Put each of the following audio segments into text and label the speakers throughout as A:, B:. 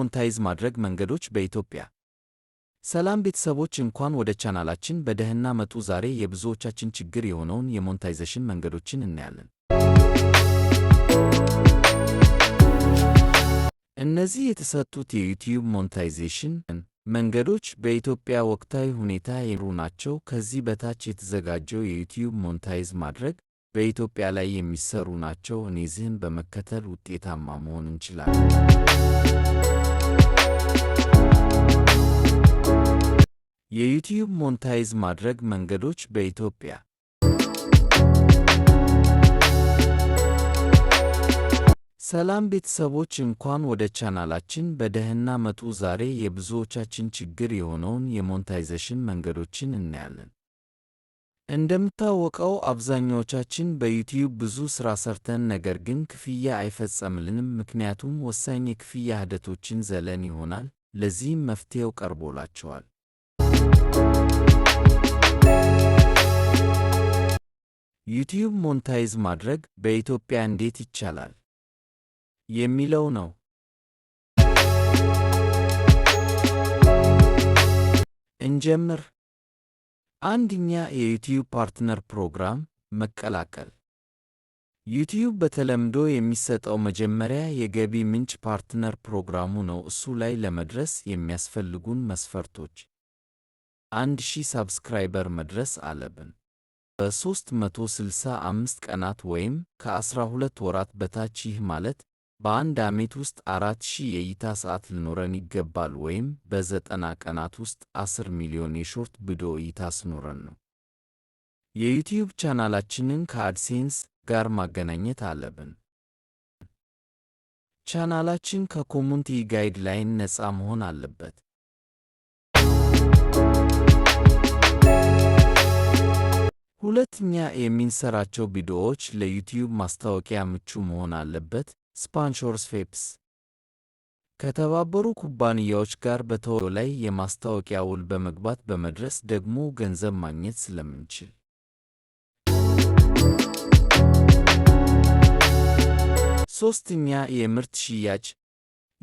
A: ሞንታይዝ ማድረግ መንገዶች በኢትዮጵያ። ሰላም ቤተሰቦች፣ እንኳን ወደ ቻናላችን በደህና መጡ። ዛሬ የብዙዎቻችን ችግር የሆነውን የሞንታይዜሽን መንገዶችን እናያለን። እነዚህ የተሰጡት የዩቲዩብ ሞንታይዜሽን መንገዶች በኢትዮጵያ ወቅታዊ ሁኔታ የሩ ናቸው። ከዚህ በታች የተዘጋጀው የዩቲዩብ ሞንታይዝ ማድረግ በኢትዮጵያ ላይ የሚሰሩ ናቸው። እነዚህን በመከተል ውጤታማ መሆን እንችላለን። የዩቲዩብ ሞንታይዝ ማድረግ መንገዶች በኢትዮጵያ ሰላም ቤተሰቦች እንኳን ወደ ቻናላችን በደህና መጡ። ዛሬ የብዙዎቻችን ችግር የሆነውን የሞንታይዜሽን መንገዶችን እናያለን። እንደምታወቀው አብዛኛዎቻችን በዩቲዩብ ብዙ ሥራ ሰርተን ነገር ግን ክፍያ አይፈጸምልንም። ምክንያቱም ወሳኝ የክፍያ ሂደቶችን ዘለን ይሆናል። ለዚህም መፍትሄው ቀርቦላቸዋል። ዩቲዩብ ሞንታይዝ ማድረግ በኢትዮጵያ እንዴት ይቻላል የሚለው ነው። እንጀምር። አንደኛ የዩቲዩብ ፓርትነር ፕሮግራም መቀላቀል። ዩቲዩብ በተለምዶ የሚሰጠው መጀመሪያ የገቢ ምንጭ ፓርትነር ፕሮግራሙ ነው። እሱ ላይ ለመድረስ የሚያስፈልጉን መስፈርቶች አንድ ሺህ ሳብስክራይበር መድረስ አለብን። በ365 ቀናት ወይም ከ12 ወራት በታች ይህ ማለት በአንድ ዓመት ውስጥ 4000 የእይታ ሰዓት ሊኖረን ይገባል ወይም በዘጠና ቀናት ውስጥ 10 ሚሊዮን የሾርት ቪዲዮ እይታ ሲኖረን ነው። የዩቲዩብ ቻናላችንን ከአድሴንስ ጋር ማገናኘት አለብን። ቻናላችን ከኮሙኒቲ ጋይድላይን ነፃ መሆን አለበት። ሁለተኛ የሚንሰራቸው ቪዲዮዎች ለዩቲዩብ ማስታወቂያ ምቹ መሆን አለበት። ፌፕስ ከተባበሩ ኩባንያዎች ጋር በተወ ላይ የማስታወቂያ ውል በመግባት በመድረስ ደግሞ ገንዘብ ማግኘት ስለምንችል ሶስተኛ የምርት ሽያጭ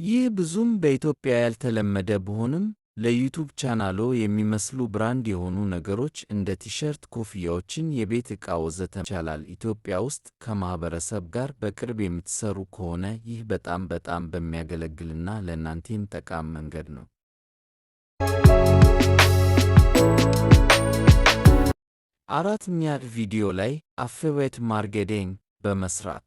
A: ይህ ብዙም በኢትዮጵያ ያልተለመደ ቢሆንም ለዩቱብ ቻናሎ የሚመስሉ ብራንድ የሆኑ ነገሮች እንደ ቲሸርት፣ ኮፍያዎችን፣ የቤት ዕቃ ወዘተ ይቻላል። ኢትዮጵያ ውስጥ ከማኅበረሰብ ጋር በቅርብ የምትሰሩ ከሆነ ይህ በጣም በጣም በሚያገለግልና ለእናንተም ጠቃም መንገድ ነው። አራተኛ ቪዲዮ ላይ አፌዌት ማርኬቲንግ በመስራት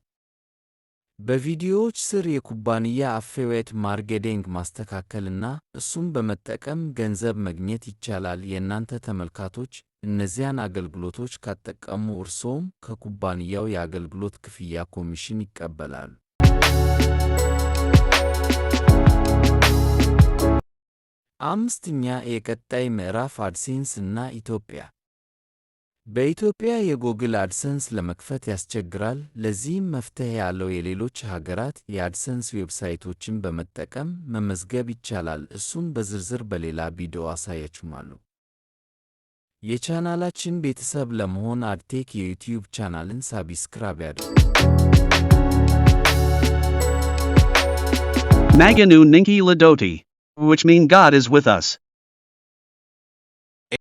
A: በቪዲዮዎች ስር የኩባንያ አፌዌት ማርኬቲንግ ማስተካከልና እሱን በመጠቀም ገንዘብ መግኘት ይቻላል። የእናንተ ተመልካቾች እነዚያን አገልግሎቶች ካጠቀሙ እርስዎም ከኩባንያው የአገልግሎት ክፍያ ኮሚሽን ይቀበላሉ። አምስተኛ የቀጣይ ምዕራፍ አድሴንስ እና ኢትዮጵያ በኢትዮጵያ የጎግል አድሰንስ ለመክፈት ያስቸግራል። ለዚህም መፍትሄ ያለው የሌሎች ሀገራት የአድሰንስ ዌብሳይቶችን በመጠቀም መመዝገብ ይቻላል። እሱም በዝርዝር በሌላ ቪዲዮ አሳያችኋለሁ። የቻናላችን ቤተሰብ ለመሆን አድቴክ የዩቲዩብ ቻናልን ሳቢስክራብ ያድርጉ። Maganu Ninki Ladoti, which mean God is with us.